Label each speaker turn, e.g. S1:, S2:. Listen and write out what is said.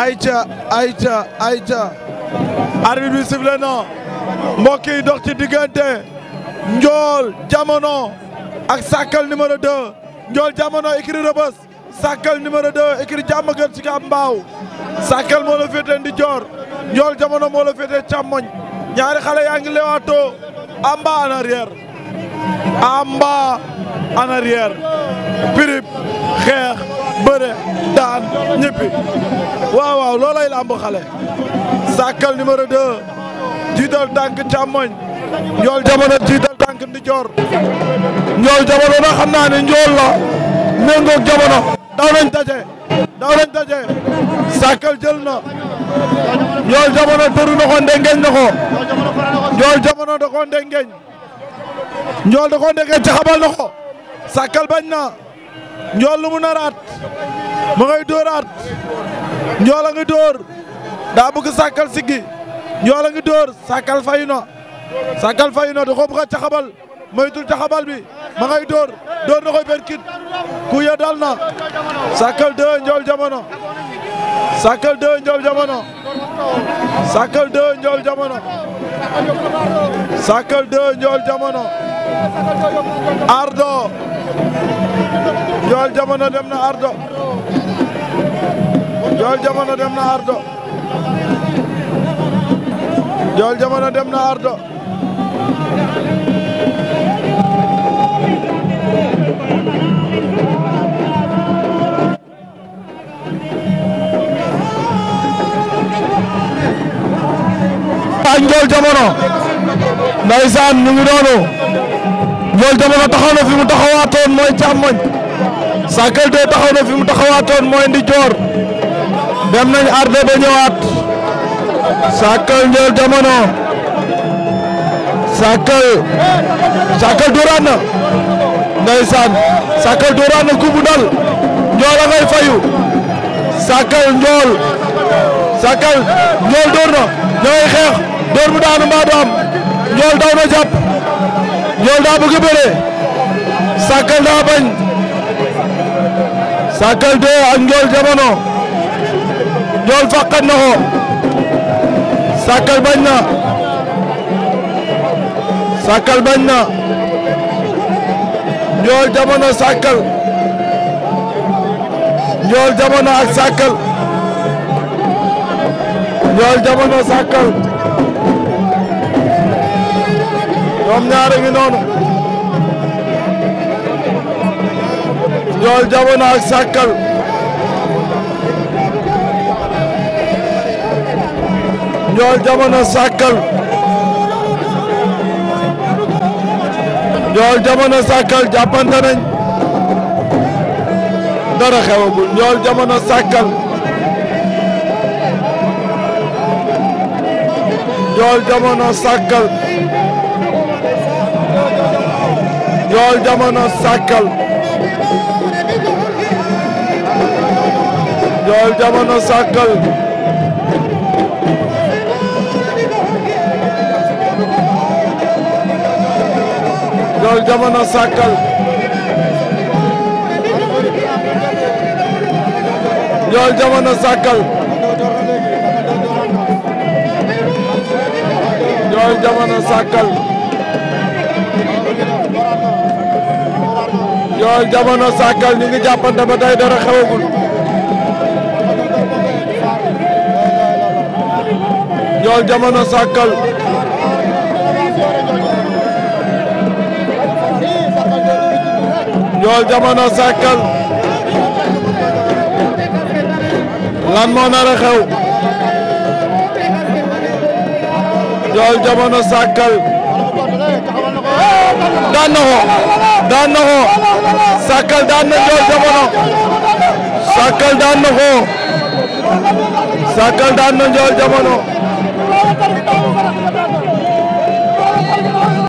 S1: ayca ayca ayca arbitre bi sifflé na mbokk yi dox ci diggante Ndiol ak Sakal numéro 2 Ndiol Diamono écurie Rebeuss Sakal numéro 2 écurie Diamaguène Sicap Mbao Sakal moo la féetee ndijoor Ndiol Diamono moo la féetee càmmoñ ñaari xale yaa ngi amba en arrière amba en arrière pirip xeex bëre daan ñëppi waaw waaw loolay làmb xale sàkkal numéro 2 jiital tànk càmmoñ njool jamono jiital tànk ndijoor njool jamono na xam njool la méngoog jamono daw nañ daje daw nañ na njool jamono tëru na ko ndengeñ na ko njool da ko ndengeñ njool da ko ndengeñ ci xabal na ko sàkkal bañ na njool lu mu naraat ma ngay dóoraat Njool a ngi daa bëgg sàkkal siggi Njool a ngi dóor sàkkal fayu na sàkkal fayu na da ko bëgg a bi ma ngay dóor na koy berkit ku ya dal na sàkkal Njool Jamono sàkkal deux Njool Jamono sàkkal deux Njool Jamono sàkkal Ardo Njool Jamono dem na Ardo Ndiol Diamono dem na Ardo Ndiol Diamono dem na Ardo ak Ndiol Diamono ndeysaan ñu ngi noonu Ndiol Diamono taxaw na fi mu taxawaatoon mooy càmmoñ Sakel 2 taxaw na fi mu taxawaatoon mooy ndijoor dem nañ arde ba ñëwaat Sakkal Ndiol Jamono Sakkal Sakkal dóoraat na Sakkal dóoraat na kubu dal Ndiol a ngay fayu Sakkal Ndiol Sakkal Ndiol dóor na xeex dóor bu daanu mbaa du am daw na jàpp Ndiol daa bëgg a Sakkal daa bañ Sakkal doo ak Ndiol Jamono Ndiol fàqat na ko Sakkal bañ na Sakkal bañ na Ndiol jamono Sakkal Ndiol jamono ak Sakkal Ndiol jamono Sakkal ñoom ñaar ngi noonu Ndiol jamono ak Ndiol Diamono Sakal Ndiol Diamono Sakal jàppante nañ dara xewagul Ndiol Diamono Sakal Ndiol Diamono Sakal Ndiol jamono sàkkal njool jamono sàkkal njool jamono sàkkal njool jamono sàkkal ñu ngi jàppante ba tey dara xewagul njool jamono sàkkal Ndiol Diamono Sakal lan moo nar a xew Ndiol Diamono Sakal daan na ko daan na ko Sakal daan na Ndiol Diamono Sakal daan na ko Sakal daan na Ndiol Diamono